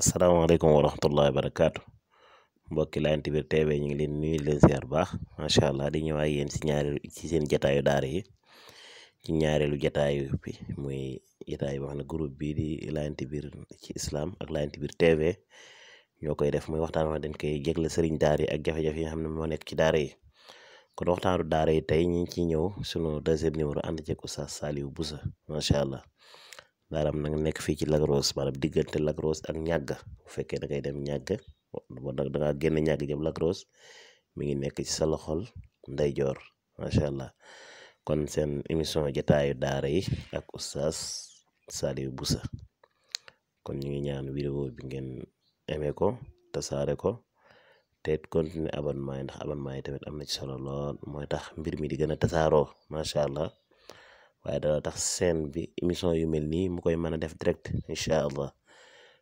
asalaamaaleykum wa rahmatullahi wa barakaatu mbokki Laayen Biir TV ñu ngi leen nuyu leen siyaar baax macha allah di ñëwaat yéen si ñaareelu ci seen jataayu daara yi ci ñaareelu jataayu bi muy jataay boo xam ne groupe bii di Laayen Biir ci islaam ak Laayen Biir TV ñoo koy def mooy waxtaan wax dañ koy jégle sëriñ daara yi ak jafe-jafe yi nga xam ne moo nekk ci daara yi kon waxtaanu daara yi tey ñu ngi ciy ñëw sunu deuxième numéro ànd ceeg Oustaz Saliou Boussa macha allah. maanaam nag nekk fii ci Lagros maanaam diggante Lagros ak ñàgg bu fekkee da ngay dem ñàgg da ngaa génn ñàgg jëm Lagros mi ngi nekk ci sa loxol ndeyjoor macha allah kon seen émission jotaayu daara yi ak oustaz Saliou Boussa kon ñu ngi ñaan vidéo bi ngeen aimé ko tasaare ko te continuer abonnement yi ndax abonnement yi tamit am na ci solo lool mooy tax mbir mi di gën a tasaaroo macha allah. waaye dana tax seen bi émission yu mel nii mu koy mën a def direct incha allah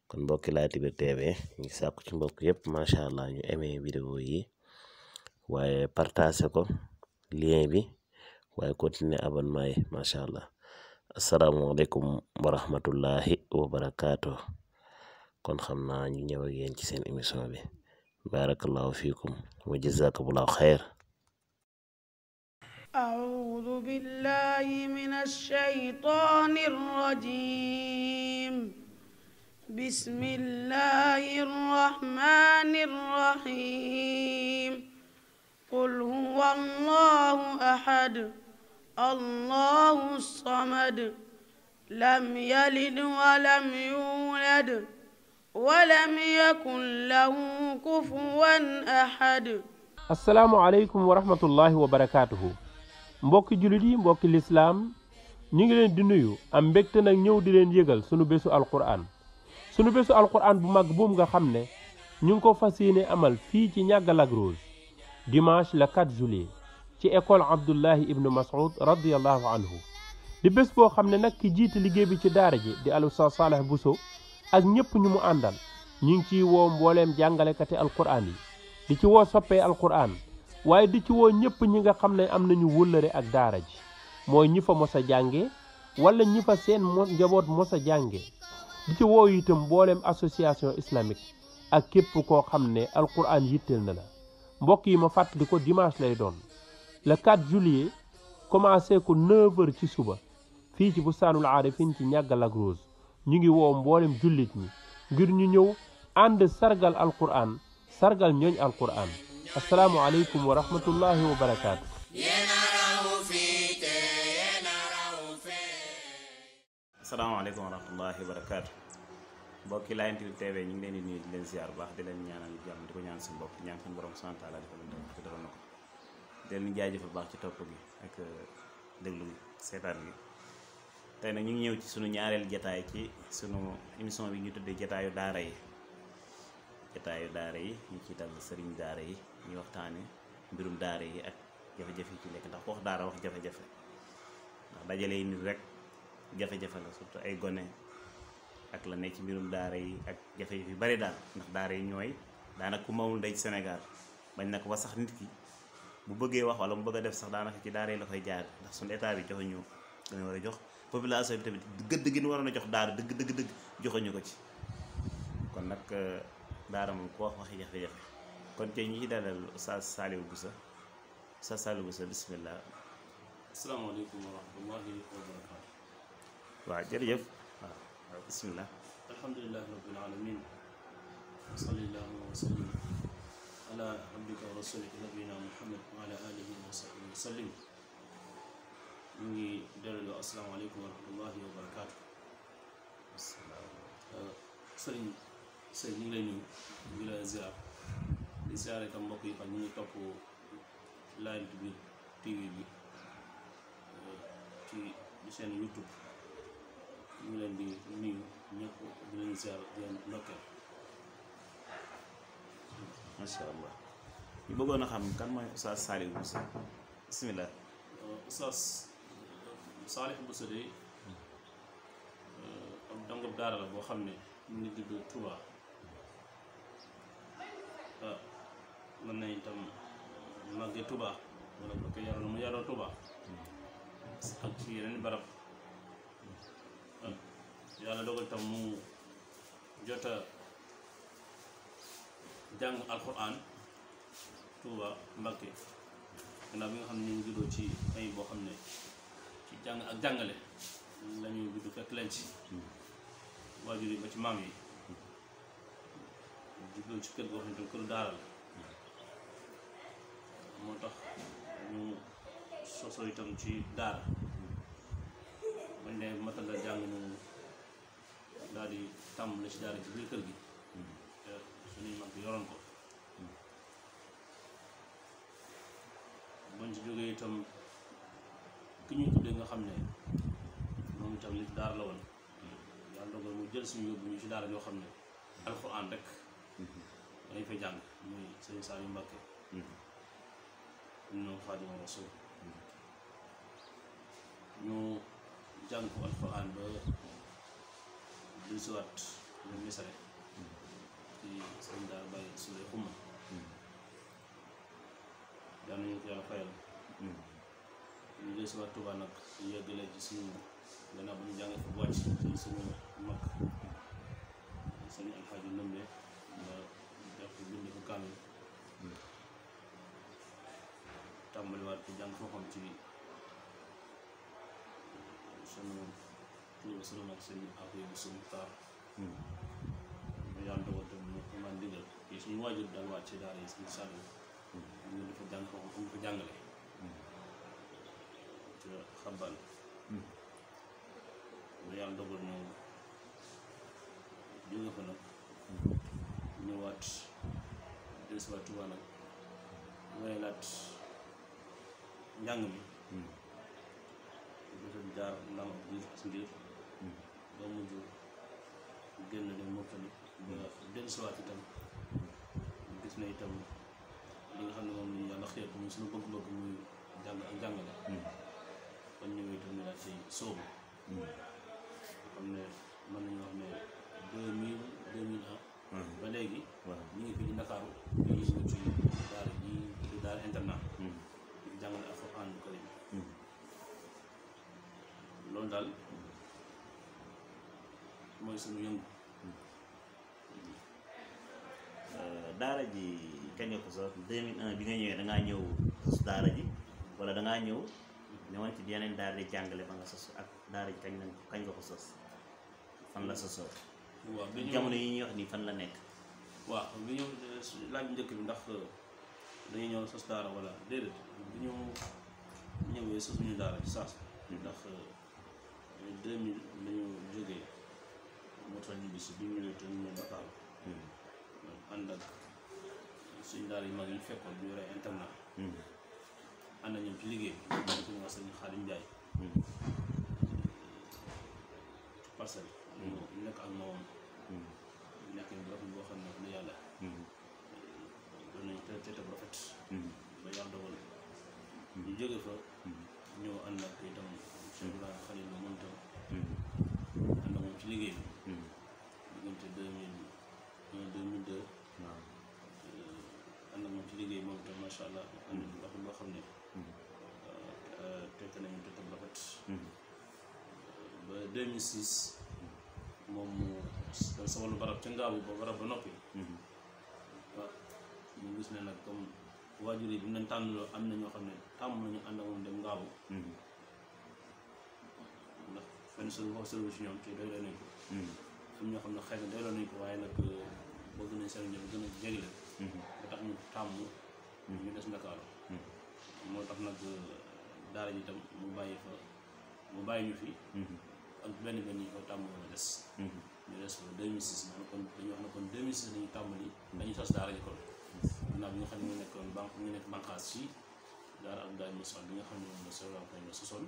kon mbokki Latyr TV ñu ngi ci mbokk yëpp macha allah ñu bi vidéo yi waaye partagé ko lien bi waaye continuer abonnement yi macha allah asalaamaaleykum wa rahmatullahi wa kon xam naa ñu ñëw ak yéen ci seen émission bi barakallahu fiikum wa jazakumullahu xayr أعوذ بالله من الشيطان الرجيم بسم الله الرحمن الرحيم قل هو الله أحد الله الصمد لم يلد ولم يولد ولم يكن له كفوا أحد السلام عليكم ورحمة الله وبركاته mbokki jullit yi mbokki lislaam ñu ngi leen di nuyu am mbégte nag ñëw di leen yëgal sunu bésu alquran sunu bésu alquran bu mag boobu nga xam ne ñu ngi ko fas yéene amal fii ci ñàgg Lac Rose dimanche le 4 juillet ci école Abdullahi ibnu Mas'ud radiyallahu anhu di bés boo xam ne nag ki jiite liggéey bi ci daara ji di al Oustaz Saleh Bousso ak ñëpp ñu mu àndal ñu ngi ciy woo mbooleem jàngalekati alquran yi di ci woo soppee alquran waaye di ci woo ñëpp ñi nga xam ne am nañu wëllëre ak daara ji mooy ñi fa mos a jànge wala ñi fa seen mo njaboot mos a jànge di woo itam mbooleem association islamique ak képp koo xam ne alquran yitteel na la mbokk yi ma fàttali ko dimanche lay doon le 4 juillet commencé ko 9h ci suba fii ci bustaanul aarifin ci ñàggal ak rose ñu ngi woo mboolem jullit ñi ngir ñu ñëw ànd sargal alquran sargal ñooñ alquran السلام عليكم ورحمة الله وبركاته asalaamaaleykum wa rahmatullahi wa barakaatu mbokki Layen TV ñu ngi leen di nuyu di leen ziar bu baax di leen ñaanal jamm di ko ñaan sun bokk ñaan sun borom sant ala defal leen ko defal na ko di leen jaajëfal baax ci top gi ak deglu setan gi tay nag ñu ngi ñew ci sunu ñaarel jotaay ci sunu émission bi ñu tuddé jotaayu daara yi jotaayu daara yi ñu ci dal sëriñ daara yi ñuy waxtaane mbirum daara yi ak jafe-jafe yi ci nekk ndax ku wax daara wax jafe-jafe ndax dajale yi nit rek jafe-jafe la surtout ay gone ak la ne ci mbirum daara yi ak jafe-jafe yu bari daal ndax daara yi ñooy daanaka ku mawul ndey ci Sénégal bañ na ko ba sax nit ki bu bëggee wax bëgg def sax daanaka ci daara la koy jaar ndax suñu état bi joxuñu ko dañu war a jox population bi tamit gëdd a jox daara dëgg dëgg dëgg joxuñu ko ci kon nag euh, daara moom ku wax waxi jafe-jafe كنت نجي دال الاستاذ سالم غوسا استاذ سالم غوسا بسم الله السلام عليكم ورحمه الله وبركاته واه جريف بسم الله الحمد لله رب العالمين صلى الله وسلم على عبدك ورسولك نبينا محمد وعلى اله وصحبه وسلم نجي دال السلام عليكم ورحمه الله وبركاته السلام عليكم سيدي سيدي لا نيو بلا س di siyaare itam mbokk yi xam ñu ngi topp Live bi TV bi ci chaîne YouTube ñu leen di nuyu ñëpp di leen siyaare di leen ndokkeel macha allah ñu bëggoon a xam kan mooy Oustaz Saliou Bousso bisimilah euh, Oustaz euh, Saliou Bousso euh, daara la boo xam ne mu ngi juddoo Touba mën na itam màgge Touba wala bu yaroon mu yaroo Touba ak ci yeneen barab yàlla dogal tam mu jot a jàng alxuraan Touba Mbàkke gannaaw bi nga xam ne ñu ngi ci ay boo xam ne fekk leen ci waajur yi ba ci maam yi juddoo ci kër goo xam ne tam këru daara moo tax ñu soso itam ci daara bañ ne matal la jàng ñu daal di tàmbali ci daara ci biir kër gi te suñuy mag yoroon ko bañ ci jógee itam ki ñuy tuddee nga xam ne moom itam nit daara la woon yàlla dogal mu jël suñu yóbbu ñu ci daara yoo xam ne alxuraan rek mm-hmm. dañ fay jàng muy sëñ Saliou Mbacké mm-hmm. ibnu Xaadimu Rasuul ñu jàng ko alxuraan ba dulsiwaat lu misare ci sëñ daal bàyyi suulee xumma yàlla nañu ko yàlla fayal ñu dulsiwaat Tuubaa nag ñu yeggale ci suñu gannaaw bu ñu jàngee fa wàcc ci suñu mag tàmbaliwaat ko jàng fooxam ci sunu kilifa sunu mag sëñ Afia bi sunu taar mu yàlla dogal tam mu hmm. amaan ko jàngale ci xabal mu yàlla dogal ñu jóge nag hmm. ñëwaat laat njàng mi bésam hmm. jaar ndam biir ci hmm. mbir ba mujj génn hmm. itam gis na itam li nga xam ne moom lañu yàlla xeet muy suñu bëgg-bëgg muy jàng ak jàngale kon ñëwee itam ne daal ci soobu xam ne mën nañu wax ne deux mille deux mille un ba léegi ñu ngi fi di Ndakaaru ñu ngi suñu ci daara internat jàngale alxuraanul karim mm-hmm. loolu daal mooy suñu yëngu mm-hmm. euh, daara ji kañ ko sax bi nga ñëwee da ngaa ñëw sos daara ji wala da ñëw mm-hmm. ñëwoon ci yeneen daara di jàngale ba nga sos ak daara ji kañ nañ ko kañ nga ko sos fan la sosoo waaw jamono yi ñuy wax nii fan la nekk waaw bi ñëw euh, laaj njëkk bi ndax dañuy ñëw sos daara wala déedéet bu ñu ñëwee sosuñu daara ci saas ndax euh, deux mille dañu jógee moo tax ñu bis bi ñu ñëwee te ñu ñëw Dakar hmm. ànd ak suñu daara yi mag yi ñu fekkoon ñu yore internat hmm. ànd ak ñoom ci liggéey suñu hmm. wax sëñ Xaadim Njaay parcelle ñu nekk ak moom nekk ni boo xam ne wax yàlla doon nañ te te te bu rafet hmm. ba yàlla dogal hmm. jóge fa hmm. ñëw ànd ak itam ci liggéey bi diggante deux mille un deux euh, ànd moom ci liggéey moom tam macha allah ànd bu rafet boo xam ne euh, tekk nañu te te bu ba deux mille six moom sama lu barab ca ngaabu ba barab ba noppi ñu gis ne nag comme waajur yi bi ñu leen am na ñoo xam ne tàmm nañu ànd ak moom dem ngaabu mhm. ndax fenn solu wax solu si ñoom te doyloo nañ ko mhm. am ñoo xam ne xëy na ko waaye nag euh, bëgg nañ seen ñoom gën a jégle mhm. tàmm des ndakaaru moo tax nag euh, daara ji tam mu bàyyi fa mu bàyyi ñu fi ak benn benn ñu ko tàmbali woon a des ñu des ba 2006 maanaam kon dañuy wax na kon 2006 dañu tàmbali dañu sos daara ji kon gannaaw bi nga xam ne mu banque ñu nekk banqaas si daara am bi nga xam ne moom la solo nañ la sosoon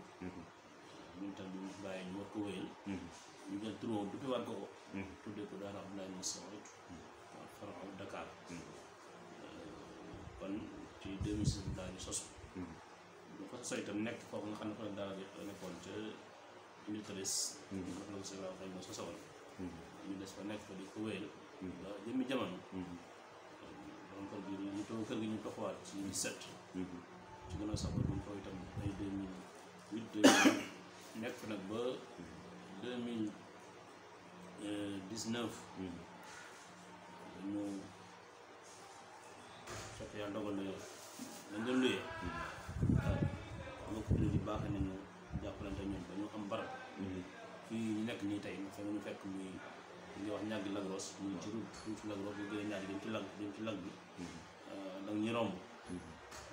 ñun tam bi mu bàyyi ñu war ko wéyal mhm. ñu jël turóom duppi waat ko mhm. ko daal mosal it waaw faraxaw Dakar mhm. euh, nekk foofu nga xam ne fa la ko xam ne solo des fa nekk fa di ko wéyal jëmmi jamono comme kër gi ñu toog kër gi ñu toxuwaat ci 17. ci gën a sax ba ñu koy itam ay 2008 2000 nekk nag ba 2019. Euh, ñu fekk yàlla dogal na dañ doon luyee. waaw ñoo ko tudd baax nañu jàppalante ñoom ba ñu am mm-hmm. fii nekk nii tey nga xam fekk muy. li ñuy wax ñàgg lagros muy juróom duñ ci lagros bu gën a ñaari dañ ci lag dañ ci bi mm-hmm. euh, donc ñu romb mm-hmm.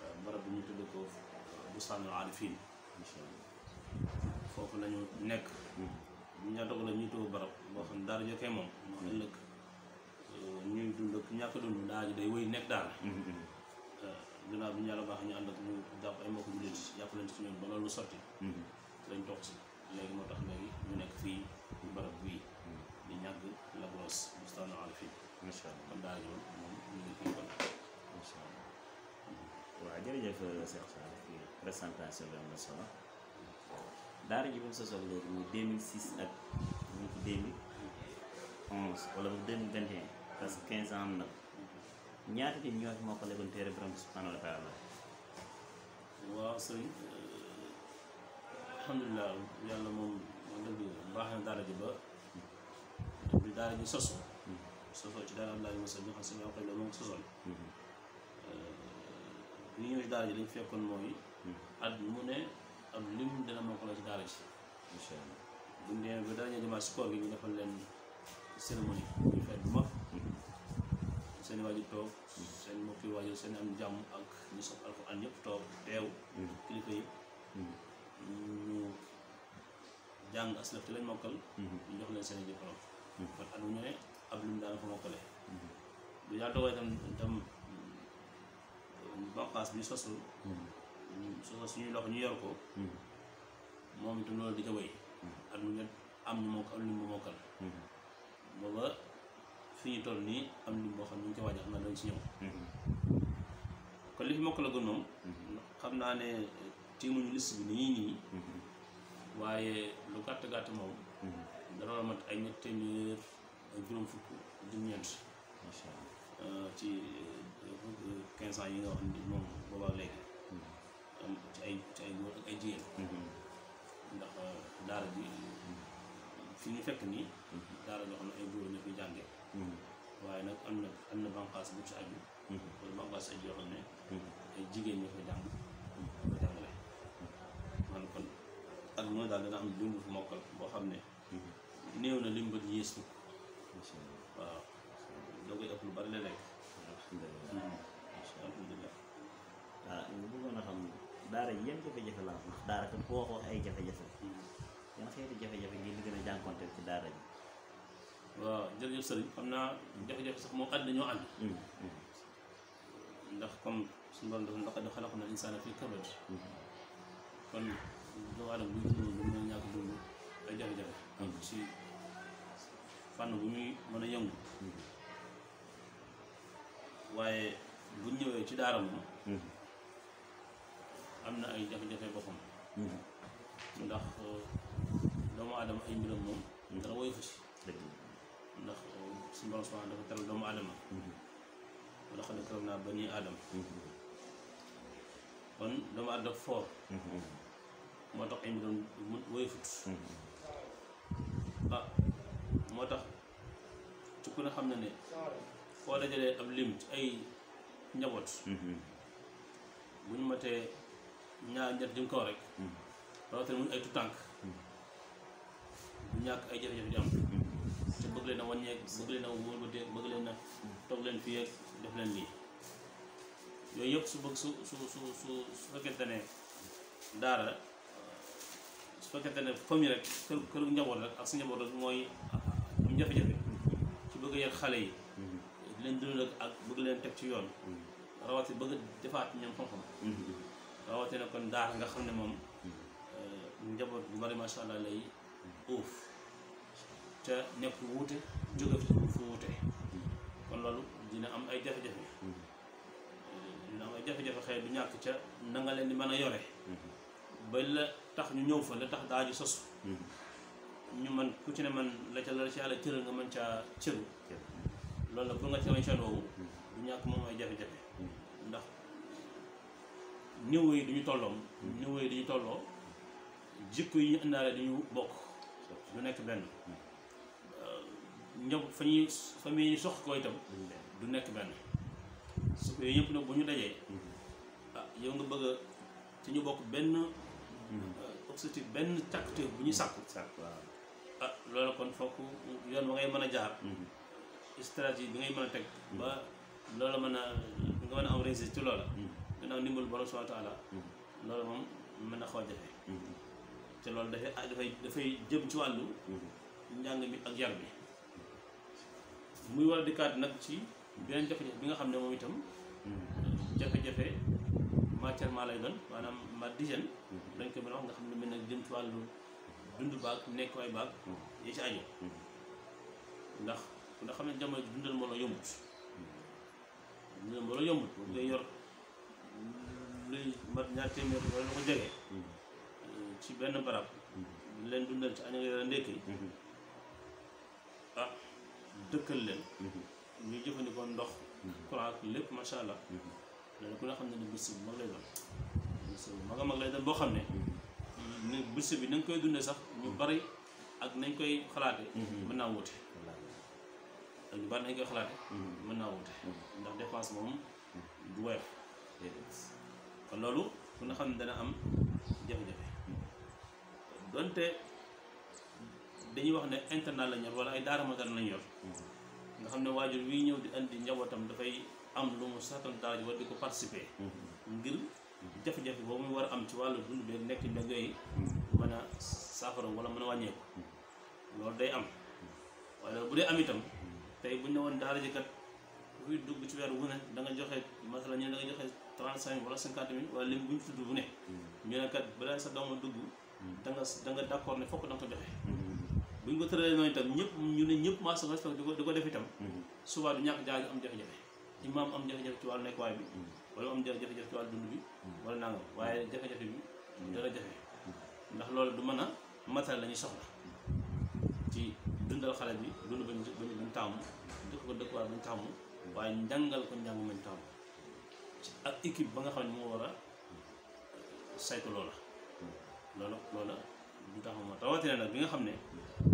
euh, barab bu ñu tudd ko bustaanul aarifiin foofu lañu ñu nekk mm-hmm. ña doog la ñuy tudd barab boo xam ne daara jokkee moom ndax ëllëg euh, dund ak ñàkk dund daara ji day wéy nekk daara ginnaaw bi ñu yàlla baax ñu ànd ak ñu jàpp ay mbokk jullit jàpp leen ci ba loolu sotti lañ toog si léegi moo tax léegi ñu nekk fii barab bii بس مستعمل فيه ما شاء الله daal ñoom moom ñu ngi ma sha Allah waaw jërëjëf Cheikh Sall ci présentation bi am na solo daara ji moom sosoo léegi mu 2006 ak mu ci 2011 wala mu 2021 parce que 15 ans am na ñaata nit ñoo fi moo ko leboon téere borom subhanahu wa taala waaw sëñ alhamdulilah yàlla moom dëgg baax na daara ji ba daara ji sosu hmm. sosoo ci daara Abdoulaye Moussa Diouf sëñ Awa Khady bi ñu ñëwee daara ji lañ fekkoon mooy hmm. at mu ne am lim dana moo ko la ci daara ji incha allah hmm. toog seen ak ñu sopp alxuraan ñëpp toog teew kilifa yi mokkal ñu jox leen seen diplôme Mm-hmm. kon at mu ne ab lim daana ko mokkale bu yàlla dogalee tam tam mm, mm, banqaas bi sosu mm-hmm. mm, sosu suñuy loxo ñu yor ko mm-hmm. moom itam loolu di ko wéy at mu ne am ñu mokk am lim bu mokkal booba fi ñu toll nii am lim boo xam ne ñu ngi koy waajal xam naa dañ si ñëw kon li fi mokk la gën moom xam naa ne tiimuñu liste bi nii nii waaye lu gàtt gàtt moom dana la mat ay ñetti téeméer ak juróom fukk di ñeent. Euh, ci euh, quinze ans yi nga wax ni moom boobaa léegi. Hmm. am ci ay ci ay góor ak ay jigéen. Hmm. ndax euh, daara bi fi ñu fekk nii. Hmm. daara yoo xam ne ay góor ñu fi jàngee. nag am am na bànqaas bu ay jigéen ñoo fa jàng. ñoo jàngale. man kon at mu daal dana am dundu fu mokkal boo xam ne. néew na lim bëgg yées waaw da koy ëpp lu bari la lekk alhamdulilah waaw hmm. ah, ñu bëggoon a xam daara yi yan jafe-jafe la ndax daara kat boo waxoo ay jafe-jafe hmm. yan xeeti jafe-jafe ngir li gën a ci daara ji waaw jafe-jafe sax moo ànd dañoo ànd hmm, ndax comme suñu borom dafa laqad xalaqna insaana fii kabad kon doomu aadama buy dund lu jafe-jafe si fànn bu muy mën a yëngu waaye buñ ñëwee ci daara moom am na ay jafe-jafe boppam ndax uh, doomu aadama ay mbiram moom dara woyofu si ndax uh, suñu borom subhanahu dafa teral doomu aadama wala xam ne karam naa ba nii aadama kon doomu aadama foor moo tax ay mbiram woyofut ku ne xam na ne foo dajalee ab lim ci ay njaboot mhm. bu ñu matee ñaar ñett jëm kaw rek mhm. rawatina mu ay tutànk bu mhm. ñàkk ay jafe-jafe di am te bëgg leen a wàññeek leen fii ak def leen lii yooyu yëpp su bëgg su su su su su fekkente ne daara su fekkente ne famille rek kër këru njaboot rek ak su njaboot rek mooy am jafe-jafe bëgg xale yi mm-hmm. di leen ak leen teg ci yoon mm-hmm. rawati bëgg defaat ñoom xam-xam mm-hmm. rawati na nga xam ne moom euh, bu bari masha allah lay uuf loolu dina am ay jafe-jafe dina am ay jafe du ñàkk ca na nga leen di mën a yore ba la tax ñu ñëw fa la tax daa ji sosu ñu man ku ci ne man la ca la ci yàlla cëral nga mën caa cëru loolu nag pour nga ci mañ woowu du ñàkk moom mooy jafe-jafe ndax niveau yi duñu tolloo jikko yi ñu àndaale du ñu bokk du nekk benn ñëpp fa ñuy famille yi sox ko itam du nekk benn su ko yëpp nag bu ñu dajee ah yow nga bëgg ci ñu bokk benn hmm. ah, objectif benn càkkutéef bu ñu sàkku ah kon foku yoon ba ngay mën jaar mhm. stratégie bi ngay mën tek mhm. ba loola mën nga mën am réussite ci loola mhm. gannaaw nimbul borom subhanahu wa taala loolu mom mën a xaw ci jafe te loolu dafay dafay dafay jëm ci walu njàng mi ak yar bi muy wala a dikkaat nag ci beneen jafé bi nga xamné mom moom itam jafé jafe matière ma lay doon manam ma dijen dañ ko mën wax nga xamné ne jëm ci walu dund baag nekk waay baag hmm. yi ci aju hmm. ndax ndax xam ne jamono ji dundal mbooloo yombut hmm. dundal mbooloo yombut boobu ngay yor luy mat ñaar téeméer wala lu ko jege ci benn barab leen dundal ci aña yor a ndékki ah dëkkal leen ñuy jëfandikoo ndox courant lépp macha allah loolu ku ne xam ne ni bés mag lay doon mag a mag lay doon boo xam ne ne bés bi nañ koy dundee sax ñu mm-hmm. bari ak nañ koy xalaate mm-hmm. mën naa wute mm-hmm. ak koy xalaate mën ndax dépense moom du woyof loolu ku nga xam ne dana am jafe-jafe donte dañuy wax ne internat la ñor wala ay daara moderne la ñor nga xam ne waajur wi ñëw di andi njabootam dafay am lu mu saatan daara war di ko participer ngir Mm-hmm. jafe-jafe boobu muy war am ci wàllu dund beeg nekk beeg yooyu mm-hmm. mën a wala mën a wàññeeku mm-hmm. loolu day am wala bu dee am itam tey buñ ne woon daara ji dugg ci weer wu ne da nga joxe masala ñu da nga wala wala lim bu ñu kat balaa sa dooma dugg da nga da nga d' accord fokk da nga ko buñ ko tëralee noonu itam ñëpp ñu ne ñëpp sa respect def itam du am jafe-jafe Imam am jafe-jafe ci wàllu nekkuwaay bi wala moom jafe-jafe ci wàllu dund bi hmm. wala waaye hmm. hmm. jafe bi dana jafe du mën a matal la ñuy soxla ci bi dund bañ bañ taamu dëkk ko dëkkuwaay bañ taamu waaye njàngal ko njàng mañ taamu équipe ba nga xam ne moo war a saytu loola loola loola du ma rawatina bi nga xam ne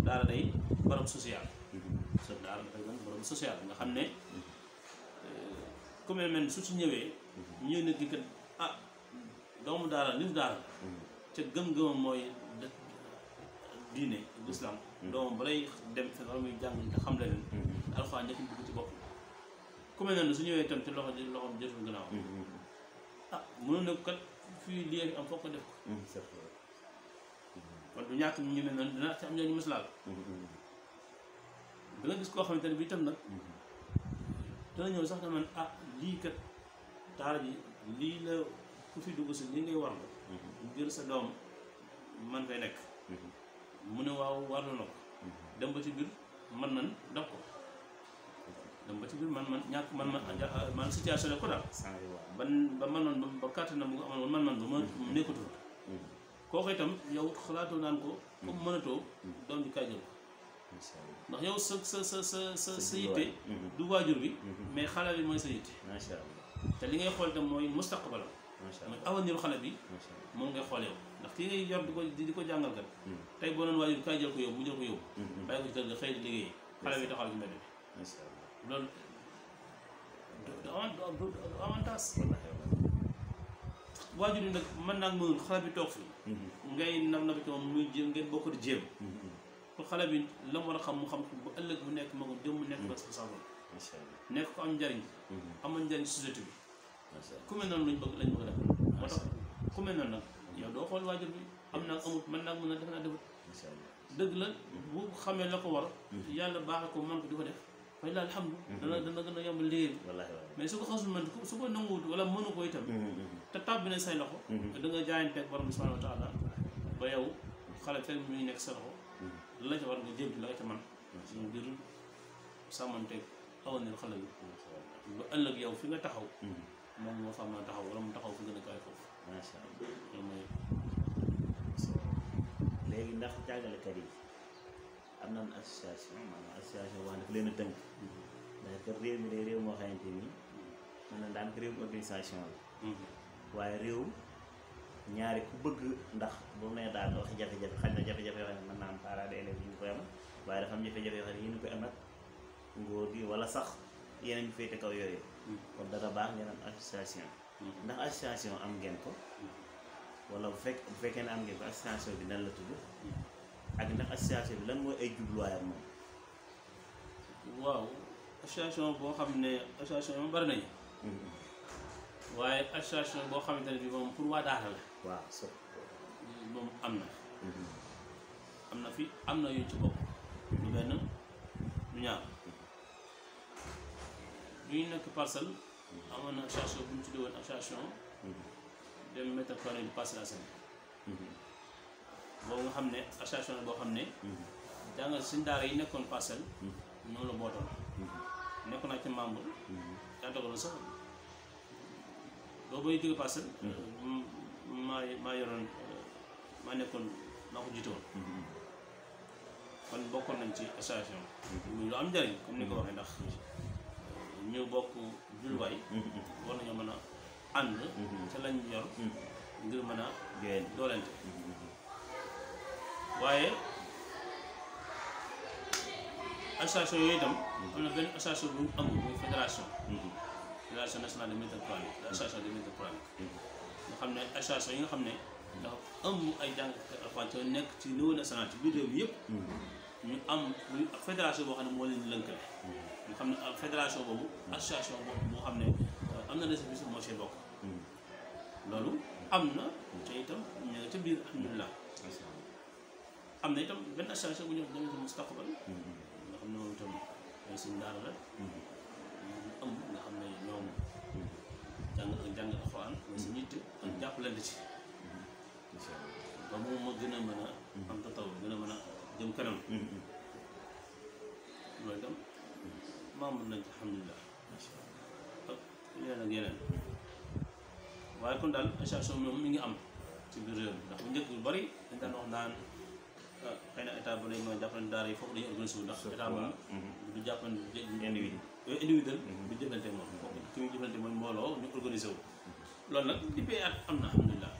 daara day barab social sa daara dafay doon barab nga xam ne ku euh, mel ne su ci ñëwee ñëw ne di kat ah doomu daara nitu daara ca gëm-gëmam mooy diine lislaam mm-hmm. doomam balay dem sa xam muy jàng te xam leen mm-hmm. alxuraan njëkk dugg ci bopp ku mel noonu su ñëwee tam ci loxo loxo jotul gannaaw mm-hmm. ah mënoon na kat fii lii am fokk def ko kon du nga gis koo ah lii kat taal bi lii la ku fi dugg si lii ngay war la ngir mhm. sa doom man fay nekk mhm. mu ne waaw war na mhm. ko dem ba ci biir man man daf ko dem ci biir man man ñàkk man man man situation la ko daal ba ba man man mu amoon woon man man ba ma nekkatu fa kooku itam yow xalaatoo naan ko comme mënatoo doom bi kaay jël ko ndax yow sa sa sa sa sa yitte du waajur bi mais xale bi mooy sa yitte te li ngay xool tam mooy mustaqbalam mooy awaniru xale bi moom ngay xool yow ndax kii ngay yor di ko di ko jàngal kat hmm. tey boo doon waajur kaay jël ko yóbbu mu hmm, hmm. bi taxaw ci mbedd bi loolu du avantage waajur yi nag mën naa mënul xale bi toog fi ngay nab nabi ci moom muy jéem ngeen bokk di jéem pour xale bi la mu war a xam mu xam bu ëllëg bu nekk magum jëm mu nekk responsable incha allah nekk ko am njariñ. Mhm. amal njariñ société bi. macha allah ku mel noonu lañ bëgg lañ bëgg a def. nag xool waajur bi am naa amut mën naa mën a def naa la mhm. bu xamee la ko war. Mhm. yàlla baaxee ko man di ko def. waaye daal alhamdulilah dana dana gën a yomb léegi. mais su ko xasul man su ko nanguwut wala mënu ko itam. te tàbbi na say loxo. da nga jaayanteeg borom subhanahu wa ba yow xale fenn mi nekk sa loxo. la ca war nga jëm la nga ca man suñu biir sàmmanteeg. xaw a ne ëllëg yow fi nga taxaw. Mm-hmm. moom moo fa mën a taxaw wala mu taxaw fi gën a kaay foofu. macha allah loolu léegi ndax jàngalekat yi am na association maanaam association boo a tënk. Mm-hmm. ndax kër réew réew moo xamante ni mm-hmm. daan ko waaye réew ñaari ku bëgg ndax bu nee daal wax jafe-jafe xaj na jafe-jafe yoo xam ne mën naa am parents d'élèves yi ñu koy amal waaye dafa am jafe-jafe xam ne yi ñu koy amal. nguur gi wala sax yeneen féete kaw yoyé hmm. kon dara baax ngeen am association hmm. ndax association am ngeen ko hmm. wala fek fekk bu ne am ngeen ko association bi nan la tuddu ak ndax association bi lan moy ay jubluwaayam moom waaw association bo xamné association moom bari nañu waaye association bo xamante bi mom pour wa daara la waaw so mom amna? Amna fi amna yu ci bopp lu ben lu ñaar du ñu nekk parcelle. amoon na station bu ñu tuddee woon station. Mhm. dem métropole mhm. nga xam ne station la boo xam ne. jàngal mhm. suñ daara yi nekkoon parcelle. noonu la bootoon. nekk naa ci membre. yaa dogal sax boobu bay jóge parcelle. Mm, maa maa yoroon euh, maa nekkoon maa ko jiite kon bokkoon nañ ci station. muy lu am njëriñ comme ni ko waxee ndax. ñu bokk jurwaay mm-hmm. war nañoo mën a ànd mm-hmm. ca lañ yor mm-hmm. ngir mën a doolente waaye association yooyu itam am na benn association bu amul muy fédération fédération nationale de méthode coranique de méthode nga xam ne association yi nga xam ne dafa ëmb ay jàngkat alxuraan nekk ci niveau national ci biir réew mi ñu am fédération boo xam ne moo leen lënkale ñu xam ne fédération boobu association boobu boo xam ne am na réservice moo see bokk loolu am na te itam ñu nga ca biir alhamdulilah am na itam benn association bu ñu wax damitam mustaqbal nga xam ne moom itam ay suñ daara la ñu am nga xam ne ñoom jàng ak jàng alxuraan mooy si ñitte ak jàppalante ci ba moom ma gën a mën a am tataw gën a mën a jëm kanam loolu itam maamul nañ ci alhamdulilah ak yeneen ak waaye kon daal association moom mi ngi am ci biir réew mi ndax bu njëkk yu bari dañ daan wax naan ah, xëy na état ba lay mën a jàppale daara yi foofu dañuy organisé ndax état mm-hmm. du jàppale euh, mm-hmm. du jëflante moom foofu mm-hmm. ci muy jëflante mooy mbooloo ñu organisé wu loolu nag li pay at am na alhamdulilah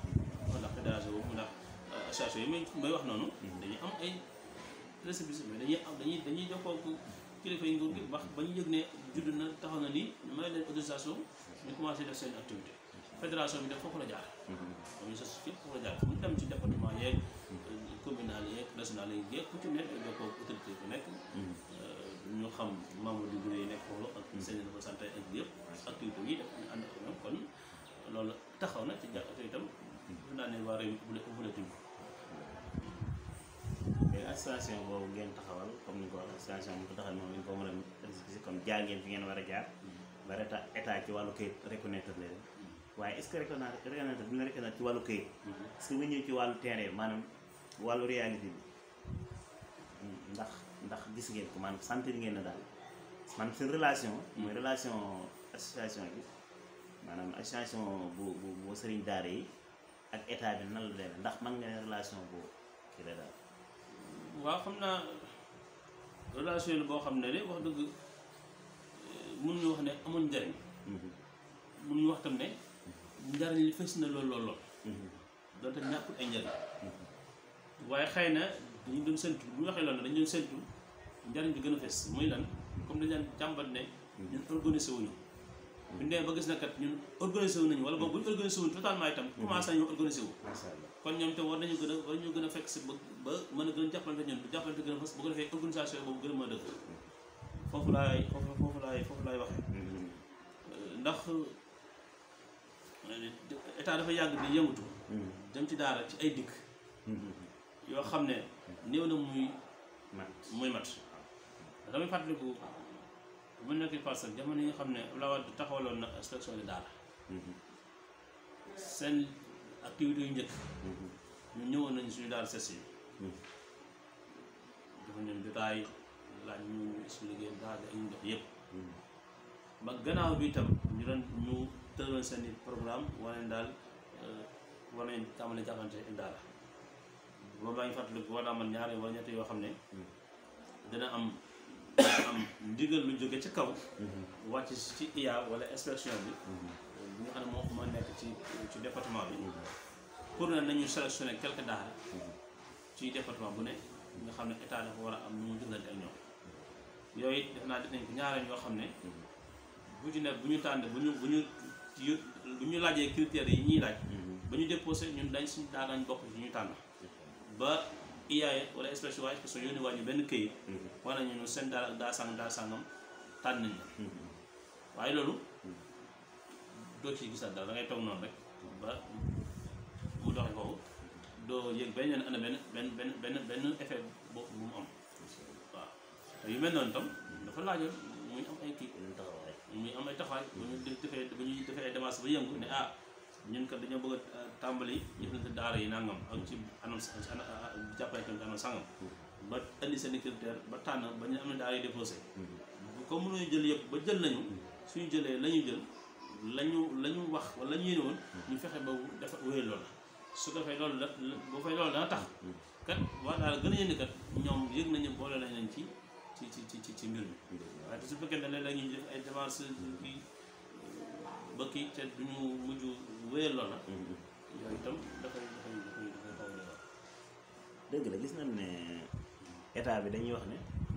ndax fédération boobu ndax euh, association yi may may wax noonu dañu am ay récépissé bi dañuy am dañuy dañuy jokkoo ku kilifa yi nguur gi wax ba ñu ne judd na taxaw na nii ñu may leen autorisation ñu commencé def seen activité fédération bi def foofu la jaar am ñu sos fépp foofu la jaar bu ñu dem ci département yeeg euh, communal yeeg national yeeg ku ci nekk jokkoo autorité bu nekk euh, ñu xam membre du bureau yi nekk foofu ak seen ko santé ak yëpp activité yi def ñu ànd ak ñoom kon loolu taxaw na ci jàpp itam def naa ne waa réew association boobu ngeen taxawal comme ni nga ko waxee association bu ko taxawal moom lañ ko a a jaar. Mm-hmm. ba wàllu këyit reconnaître leen. Mm-hmm. waaye est ce que reconnaître reconnaître bi ñu la reconnaître ci wàllu këyit. Mm-hmm. est ce que nga ñëw ci wàllu terrain ndax gis ngeen ko maanaam sentir ngeen ne daal maanaam relation. mooy relation association bi maanaam association bu bu bu yi ak état bi nan la ndax mën nga relation boobu kii la daal. waaw xam naa relation la boo xam ne de wax dëgg mun ñu wax ne amul njariñ mm-hmm. mun wax tam ne njariñ li fës na lool lool lool mm-hmm. doonte ñàkkul ay njariñ mm-hmm. waaye xëy na dañu dem séntu bu ñu waxee loolu dañu doon séntu njariñ bi gën a fës muy lan comme dañu daan jàmbat ne ñun organisé bu ñu ba gis na kat ñun organisé wu nañu wala boog bu ñu organisé wu totalement itam mhm. nañu organisé kon ñoom itam war nañu gën a war nañu gën a fekk si ba ba mën a gën a jàppalante ñun bu jàppalante gën a fas bu ko defee organisation boobu gën a mhm. foofu laay foofu foofu laay foofu laay waxee mhm. dafa yàgg di yëngatu dem ci daara ci ay dikk yoo xam ne néew na muy ah. bu nekkee Fass jamono yi nga xam ne Abdoulaye Wade taxawaloon na station de Daara. Mhm. seen activité yu njëkk. Mhm. ñu ñëwoon nañu suñu daal ses yi. dafa ñun jotaay laaj ñu expliqué daal ak ñu dox yëpp. Mhm. ba gannaaw bi itam ñu doon ñu tëraloon seen i programme wane daal euh, war nañu tàmbali jàppante indaala. boobu ngi fàttaliku war naa man ñaari wala ñett yoo xam ne. dina am. am ndigal lu jóge ca kaw wàcc ci IA wala inspection bi bi nga xam ne moo moo nekk ci ci département bi pour ne nañu sélectionné quelque daara ci département bu ne nga xam ne état dafa war a am nu mu jëlante yooyu def naa def nañ ko ñaareel yoo xam ne bu ci nekk bu ñu tànn bu ñu bu ñu bu ñu laajee critères yi ñuy laaj ba ñu déposé ñun dañ suñ daanañ bokk ci ñu tànn ba IAE wala espèce waaye parce que yónni waa ñu benn këyit. Mhm. wala ñu ne seen daal daa sàng daa sàngam tànn nañ la. Mhm. waaye loolu mhm. doo ci gisaat dara da ngay toog noonu rek ba mu a foofu doo yëg benn yoon ana benn benn benn benn benn effet boobu bu mu am. waaw te yu mel noonu tam dafa laajoon muy am ay kii. muy am ay taxawaay bu ñu defee bu ñu defee démarche ba yëngu ne ah. ñun kat dañoo bëgg a euh, tàmbali jëfandikoo daara yi nangam ak ci anam euh, jàppale tamit anam sangam mm-hmm. ba indi seen ba tànn ba ñu am ne daara yi déposé comme mm-hmm. mënuñu jël yëpp ba jël nañu mm-hmm. suñu jëlee la ñu jël lañu la ñu wax wala la ñu yéene woon ñu fexe ba dafa wéyal loolu su defee fay loolu la bu fay loolu dana tax kat waa daal gën a yéene kat ñoom yëg nañu boole lañ ci ci ci ci ci mbir mi waaye su fekkee ne léeg-léeg def ay démarches ba kii te duñu mujj wéyal loola mm-hmm. yooyu itam dafay dafay dafay dafay xaw a wax dëgg la gis nañ ne état bi dañuy wax ne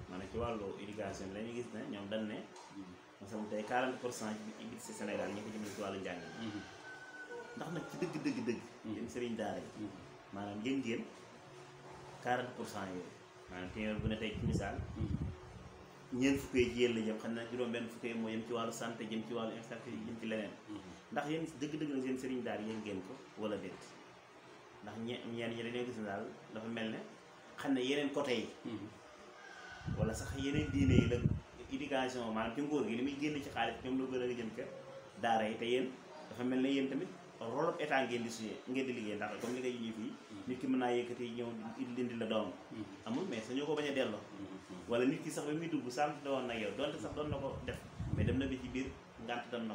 maanaam ci wàllu éducation bi dañuy gis ne ñoom dañ ne mm-hmm. masam tey 40 pour cent ci bit si Sénégal ñu ko jëmale ci wàllu njàng mm-hmm. ndax nag ci dëgg dëgg dëgg yéen sëriñ daara yi maanaam yéen ngeen 40 pour cent yooyu maanaam téeméer bu ne tey ci misaal ñeent fukkee jiyéen la jëm xam na juróom benn fukkee moo jëm ci wàllu santé jëm ci wàllu infrastructure jëm ci leneen mm-hmm. ndax yéen dëgg-dëgg na seen sëriñ daal yéen ngeen ko wala déet ndax ñeen ñi dañoo gis ne daal dafa mel ne xam ne yeneen côté yi mm-hmm. wala sax yeneen diine yi la éducation maanaam ci nguur gi li muy génn ci xaalis ñoom la gën a jëm ca daara yi te yéen dafa mel ne yéen tamit rôle état ngeen di suyee ngeen di liggéey ndax comme li ngay ñuy fii mm-hmm. nit ki mën naa yëkkati ñëw indi la doom mm-hmm. amul mais sañoo ko bañ a delloo mm-hmm. wala nit ki sax ba muy dugg sant woon nag yow doonte sax doon na ko def mais dem na bi ci biir ngànt dam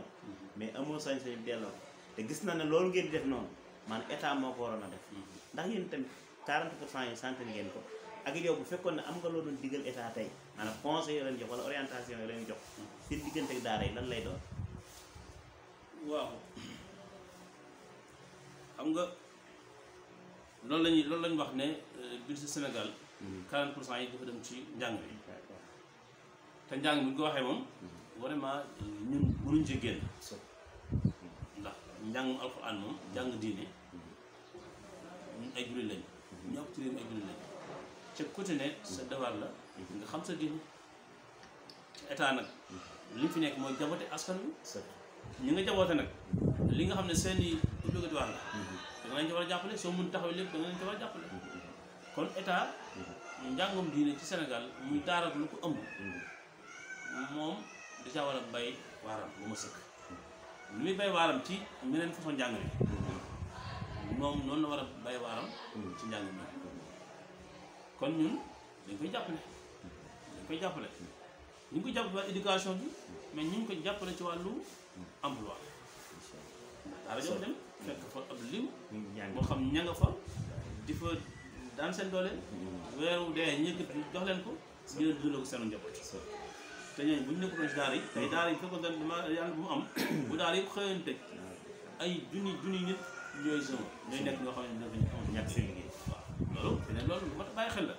mais amoo sañ-sañ te gis na ne loolu ngeen def noonu maanaam état moo ko waroon a def ndax yéen tamit 40 pour cent yi santé ngeen ko ak yow bu fekkoon ne am nga loo doon digal état tey maanaam conseil yoo leen jox wala orientation yoo leen jox seen diggante ak daara yi lan lay doon xam nga loolu la ñuy loolu la wax ne euh, biir si Sénégal. 40 mm-hmm. pour cent yi dafa dem ci njàng bi. te njàng bi ñu ko waxee moom. Mm-hmm. vraiment ñun mënuñ ci génn. Mm-hmm. ndax njàng alxuraan moom njàng diine ñun ay jullit lañ. ci réew côté ne sa devoir la. nga xam sa diine état nag. li fi nekk mooy jabate askan wi. ñi nga jaboote nag li nga xam ne seen i obligatoire la mm-hmm. da nga leen jàppale soo mun taxaw lépp da nga jàppale mm-hmm. kon état mm-hmm. njàngum diine ci Sénégal muy daarak lu moom dèjà war ba ma sëkk bay waaram ci meneen façon njàng moom noonu la war bay waaram ci njàng kon dañ koy jàppale dañ koy jàppale ñu ngi bi mais ñu ko jàppale ci wàllu emploi daara joo dem fekk fa ab lim boo xam ña fa di fa daan seen doole mm. weeru leen ko ñu leen dundal ko seen njaboot te ñooñu bu ñu yi mm. bu mu am bu daara yi ay junni junni nit ñooy zone ñooy nekk nga xam te a bàyyi xel la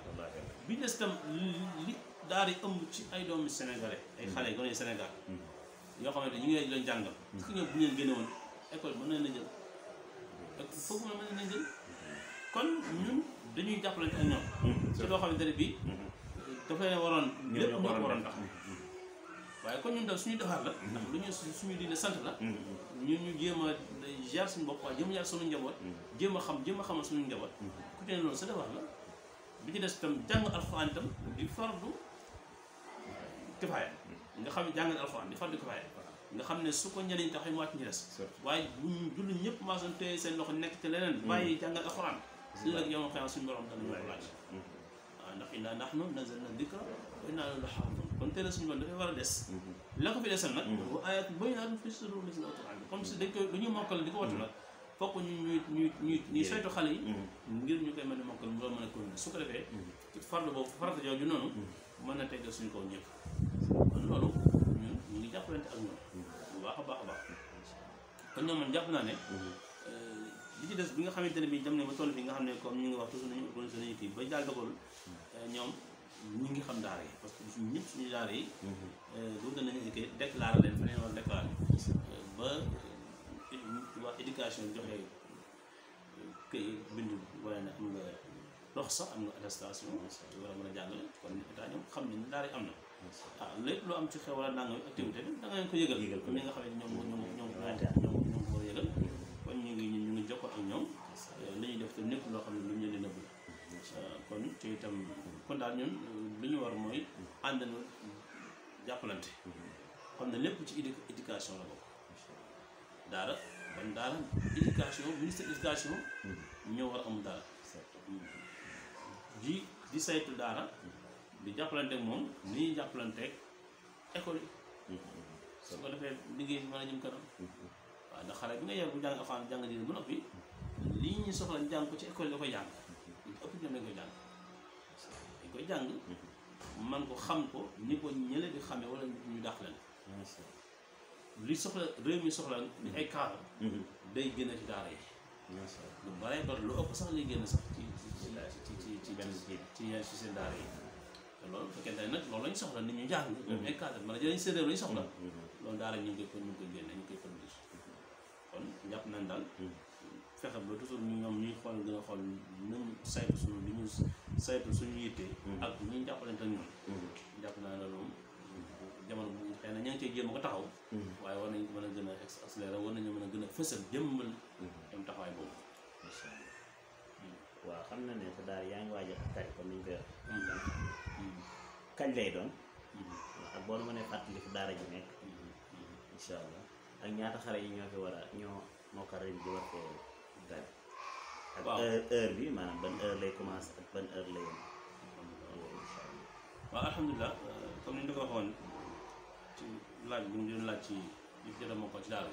bi des tam li daara yi ëmb ci ay doomi sénégalais ay xale gone Sénégal mm. yoo xamante ne ngi leen di leen jàngal. est-ce que ñoom bu ñu leen génne woon la jël ak mën nañ la kon ñun dañuy jàppalante ak ñoom. Mm-hmm. Mm-hmm. ci loo xamante ne bii. Mm-hmm. dafa leen waroon lépp ñoo ko waroon suñu defar la ndax lu ñu suñu ñu jéem a jaar suñu bopp waaye jéem a jaar suñu njaboot jéem a xam jéem a suñu njaboot ku te ne loolu sa defar la bi ci des itam jàng alxuraan itam di fardu kifaaya nga xam ne jàngal alxuraan di fàttali ko waaye nga xam ne su ko njëriñ tax mu wàcc ñu des waaye buñ julli ñëpp maasoon téye seen loxo nekk te leneen bàyyi jàngal alxuraan su lëg yow xew suñu borom dana ñu ko laaj waaw ndax innaa nahnu nazzalna dikra wa innaa lahu lahaafizuun kon teel a suñu borom dafay war a des la ko fi desal nag bu ayat bayyinaatun fii suduuri llaziina uutul ilm comme si dañ koy dañu mokkal di ko wattu la fokk ñu ñu ñu ñu saytu xale yi ngir ñu koy mën a mokkal loolu mën a ko su ko defee farlu boobu farata jooju noonu mën na teggal suñu kaw ñëpp kon loolu ñun ñu ngi jàppalante ak ñoom bu baax a baax a baax kon ñoom man jàpp naa ne mhm. euh, li ci des bi nga xamante ne bi dem ne bi nga xam ne comme ñu ngi wax toujours ba jàll euh, ñoom ñu ngi xam daara parce que suñu ñëpp suñu daara yi boobu dana indiqué déclaré leen euh, mën a jàngale kon état yi am na ah lépp lu am ci xew wala nangam activité bi da ngeen ko yëgal kon ñi nga xam ne ñoom ñoom ñoom ko yëgal kon ñu ngi ñu ngi ak ñoom eh, def te nekk loo xam ne lu ñu leen nëbb eh, kon ci itam kon daal ñun li ñu war mooy ànd na jàppalante xam ne lépp ci éducation la bokk daara ban daara éducation ministre éducation mm-hmm. ñoo war am daara ji di saytu daara mm-hmm. di jàppalanteeg moom ni ñuy jàppalanteeg école yi. su ko defee liggéey bi mën a jëm kanam. waaw ndax xale bi nga yor bu jàng afaan jàng diine bu noppi lii ñuy soxla jàng ci école yi da koy jàng. li ëpp ñoom dañ koy jàng. man ko xam ko ni ko ñële di xamee wala ñu dàq leen. li soxla réew mi soxla ni ay cadre day génn ci daara yi. lu bare bare lu ëpp sax lay génn sax ci ci ci ci ci ci ci seen daara yi. loolu bu fekkente ne lañ soxla nit ñu jàng ñoom ay cadre manager lañ séeréer lañ soxla loolu daal ñu ngi koy ñu ngi koy génne ñu ngi koy produire kon jàpp nañ daal fexe ba toujours ñu ñoom ñuy xool gën a xool nuñ saytu suñu li ñu saytu suñu yittee ak ñuy lañ ñoom jàpp naa ne loolu jamono bu xëy na ña ngi cee jéem a ko taxaw waaye war nañ ko mën a gën a accéléré war nañu mën a gën a fësal jëmmal ñoom taxawaay boobu waaw xam na ne sa daal yaa ngi waaj a tari comme ni ñu koy wax kañ lay doon mm-hmm. ak boo mënee fàttali fu daara ji nekk mm-hmm. incha allah ak ñaata xale yi ñoo fi war a ñoo moo ko ren war ko dari ak heure heure bi maanaam ban heure lay commencé ak ban heure lay yem incha allah euh, ci laaj bi ñu doon laaj ci li jot a moo ko ci daara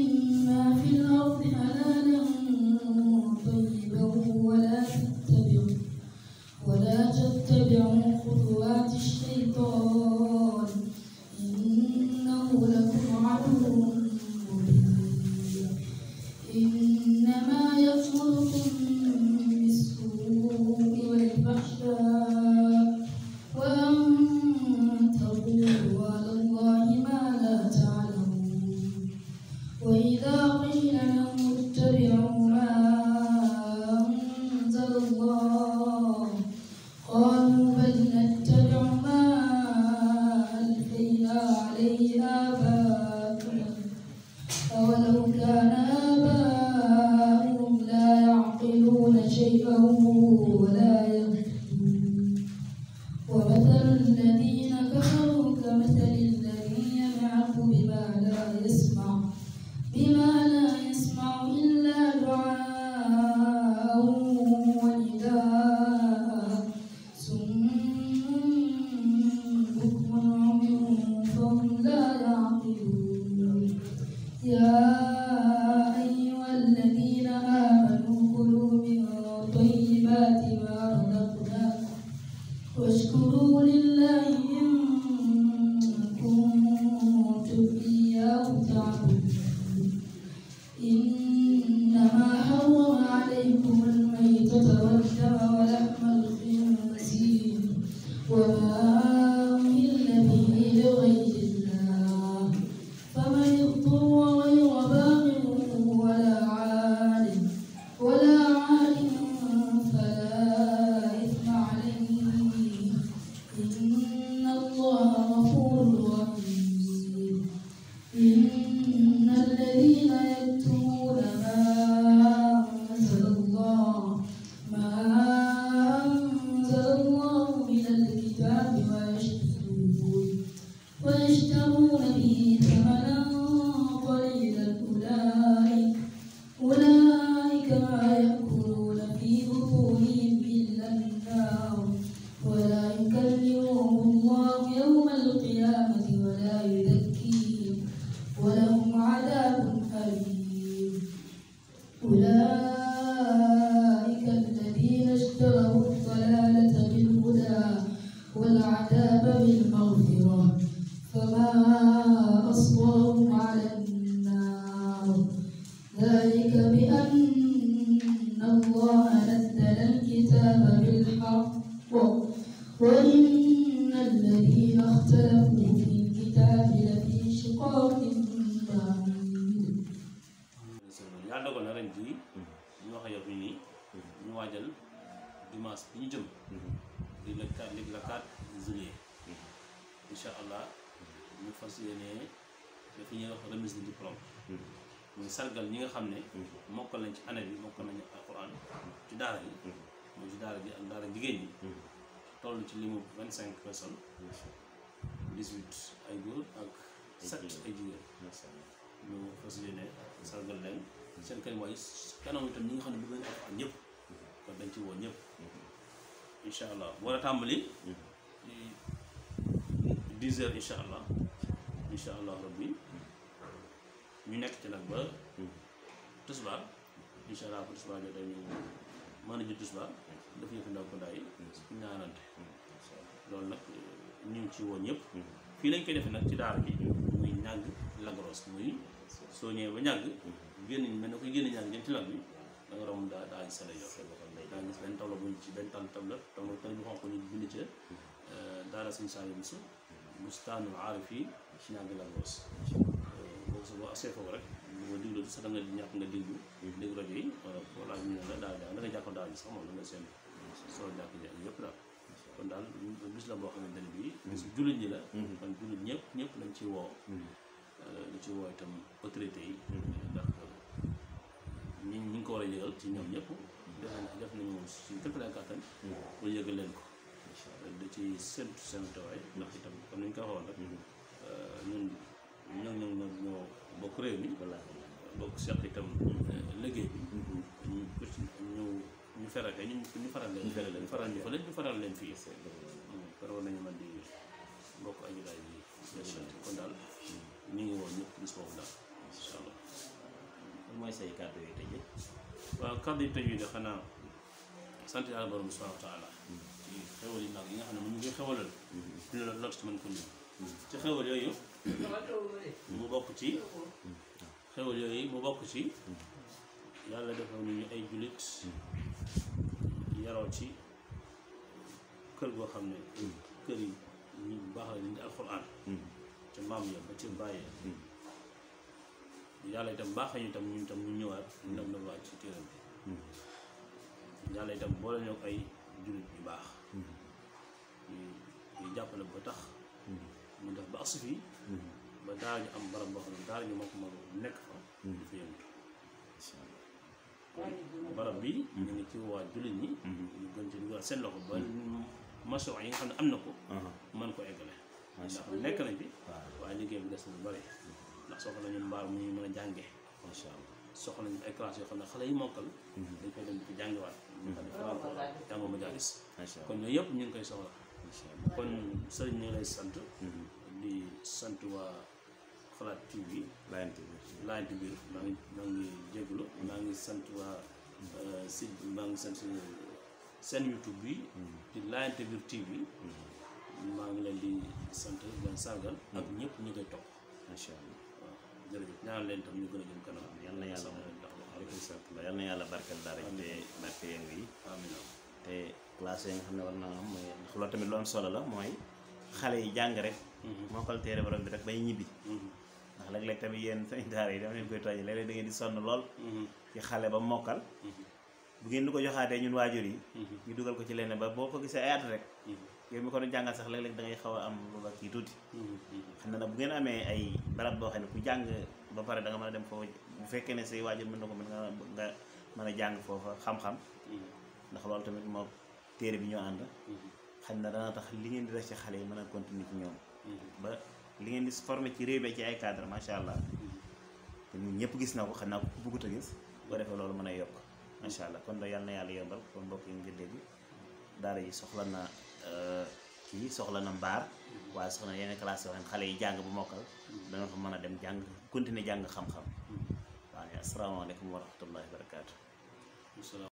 ci limu vingt cinq personnes. dix ay góor ak. sept ay jigéen. ñu fas yéene sargal leen. Mm-hmm. seen kay waaye kanam itam ñi nga xam ne bëgg nañu alxuraan ñëpp. Mm-hmm. kon dañ ci woo ñëpp. Mm-hmm. incha allah war a tàmbali. dix heures incha allah. incha allah rabbi ñu nekk ci nag ba. tisbaar incha allah bu tisbaar jotee ñu mën a def yëfu ndaw ko ndaw yi mm-hmm. ñaanante mm-hmm. loolu nag euh, ñu ngi ci woon ñëpp mm-hmm. fii lañ koy defe nag ci daara bi muy ñàgg lagros soo ñëwee ba ñàgg génn na koy génn ñàgg jëm ci lag bi da daa daa gis sa rajo daa gis benn ci benn tànn tableau tableau tan bu xonq ñu bind euh, ci daara suñ saalim si bustaanul aarif yi ci ñàgg lagros euh, boo sa boo asee foofu rek boo diglu da nga ñàkk daal daal da nga bi sax moom la nga seen solo jàkk ji ak yëpp la kon daal bis la boo xamante ne bii bisu mhm. jullit ñi la mhm. kon jullit ñëpp ñëpp lañ ci woo lu mhm. euh, ci woo itam autorité yi euh, ndax euh, ñi ko war a ci ñoom ñëpp def nañ def nañu suñ képp la kàttan pour leen ko da ci séntu seen tawaay ndax itam comme nañ ko waxoon rek ñun ñoo ñoo ñoo ñoo bokk réew mi bokk seq itam liggéey bi ñu ñu feral ñu ñu faral leen. ñu faral leen faral ñu fa leen ñu faral leen fii. keroog nañu man di mbokk añu daay yi. incha allah kon daal ñu ngi woon ñëpp bis boobu daal incha allah. lan mooy say kàddu yi tëjee. waaw kàddu yi tëjee de xanaa sant yàlla borom subhanahu wa taala. ci xewal yi nag yi nga xam ne mu ñu ngi xewalal. dina la lot mën ko ñëw. ci xewal yooyu. mu bokk ci. xewal yooyu mu bokk ci. yàlla defal ñu ay jullit. yaroo ci kër goo xam ne kër yi ñu baax la dañ di alxuraan ca maam ya ba ci bàyyee yàlla itam baax ñu itam ñun itam ñu ñëwaat ndam na wàcc ci téeram bi yàlla itam boole ñoo ay jullit yu baax ñu jàppale ba tax mu def ba agsi fii ba daara ñu am barab boo xam ne daara ñu moo ko nekk fa di fa barab bi ñu ngi ci waa jullit ñi mhm. ñu gën ci dugal seen loxo ba mhm. maçon yi nga xam ne am na ko uh-huh. mën ko eggale ndax nekk nañ bi waaye liggéey bi des na bëri mhm. ndax soxla nañu mbaar mu ñu mën a jànge macha allah soxla nañu ay yoo xam ne xale yi mokkal dañ koy dem di ko jàngiwaat ñu xam ne franco jàngo majalis kon yooyu yëpp ñu ngi koy soxla kon sëriñ ñu lay sant di sant waa xalaat TV bi laayante biir maa ngi maa ngi jégalu maa ngi sant waa euh, site maa ngi sant seen YouTube bi mm-hmm. di laayante biir TV maa ngi leen di sant leen sargal mm-hmm. ak ñëpp ñu koy topp macha allah waaw jërëjëf ñaan leen tam ñu gën loolu tamit la mooy xale yi jàng rek mm-hmm. mokkal téere borom bi rek bay ñibbi léeg-léeg tamit yeen sëñ daara yi dama leen koy tooñee léeg-léeg da ngeen di sonn lol mhm. ci xalé ba mokal mhm. bu ngeen di ko joxaatee ñun wajur yi mhm. ñu duggal ko ci leneen ba boko ko ay at rek yeen mi ko doon jangal sax léeg-léeg da ngay xawa am lu la kii tuuti na bu ngeen amé ay barab bo xamne ku jang ba pare da nga mëna dem fo bu fekkee ne sey wajur mëna na ko mëna nga mëna jang a xam-xam ndax lol tamit mo téré bi ñoo ànd xam na dana tax li ngeen di def ci xalé yi mën ci ñoom ba li ngeen di formé ci réew mi ci ay cadre macha allah te ñun ñëpp gis na ko xam naa ko ku bëggut a gis boo defee loolu mën a yokk macha allah kon da yàlla na yàlla yombal kon mbokk yi nga dégg daara yi soxla na euh, kii soxla na mbaar waaye soxla na yenn classe yoo xam xale yi jàng bu mokkal danga ko mën a dem jàng continuer jàng xam-xam mm-hmm. waaye asalaamaaleykum wa rahmatullahi barakaatu